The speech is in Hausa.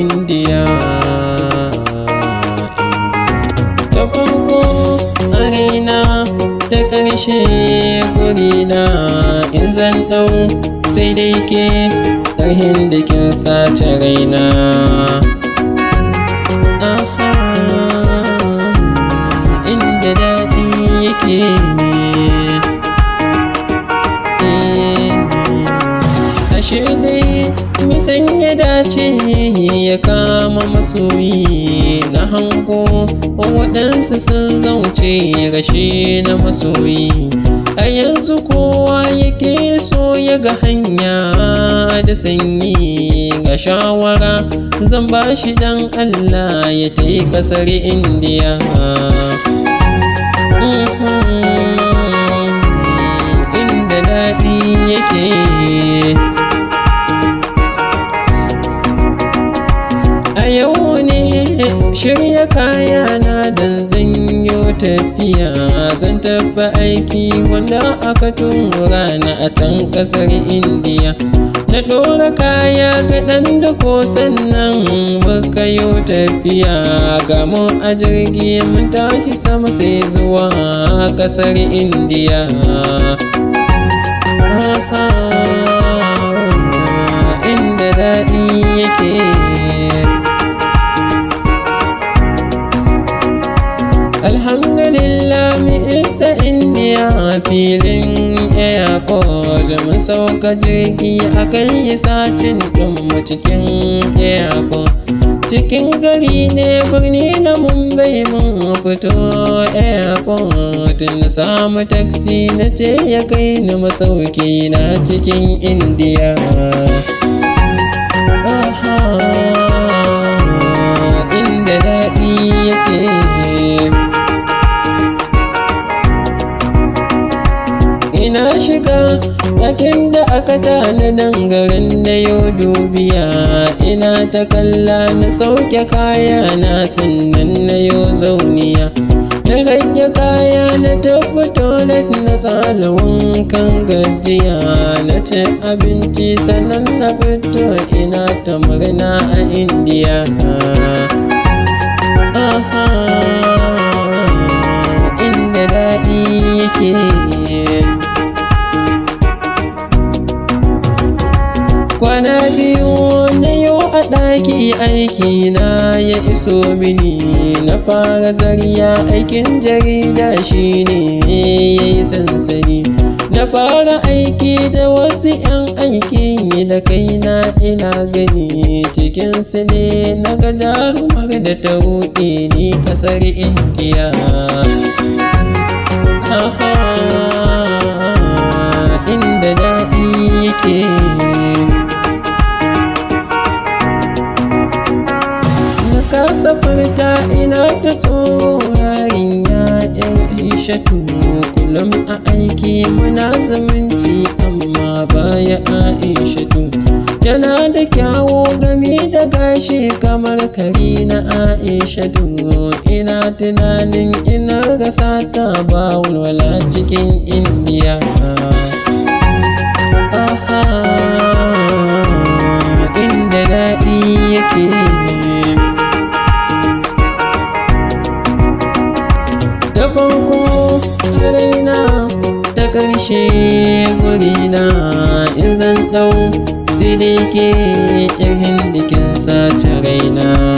indiya da farko arena da ƙarshe na, in zan ɗau sai dai ke ƙarhin da kin sace raina mi ya dace ya kama masoyi na hanko waɗansu sun zauce rashe na masoyi a yanzu kowa yake so ya ga hanya da sanyi ga shawara zan ba shi dan Allah ya ta yi ƙasar indiya yau ne shirya kayana da zan yi tafiya zan tafi aiki wanda aka tura na a can kasar indiya na ɗora kaya kaɗan da ko sannan baka yi tafiya gamo a jirgi mun tashi sama sai zuwa kasar indiya isa indiya filin airport mun sauka jirgi a kai satin mu cikin airport cikin gari ne birni na mumbai mun fito airport na samu taxi na ce ya kai ni masauki na cikin indiya Tun da aka tana nan garin na yau dubiya ina ta kalla na sauke kaya na sannan na yau zauniya. Na rage kaya na tafi toilet na salon wankan gajiya na ci abinci sannan na fito ina ta murna a indiya. Aha, inda daɗi ke. shi aiki na ya iso mini na fara zariya aikin jarida shi ne ya yi sansani na fara aiki da wasu 'yan aiki da kaina ina gani cikin su ne na ga jarumar da ta ni kasar indiya ta tsorarin ya'yan aishatu kullum a aiki muna zumunci amma baya aishatu yana da kyawo gami da gashi kamar kari na aishatu ina tunanin ina ga sata ba walwala cikin indiya yaushe gurina in zan ɗau sai dai ke irin raina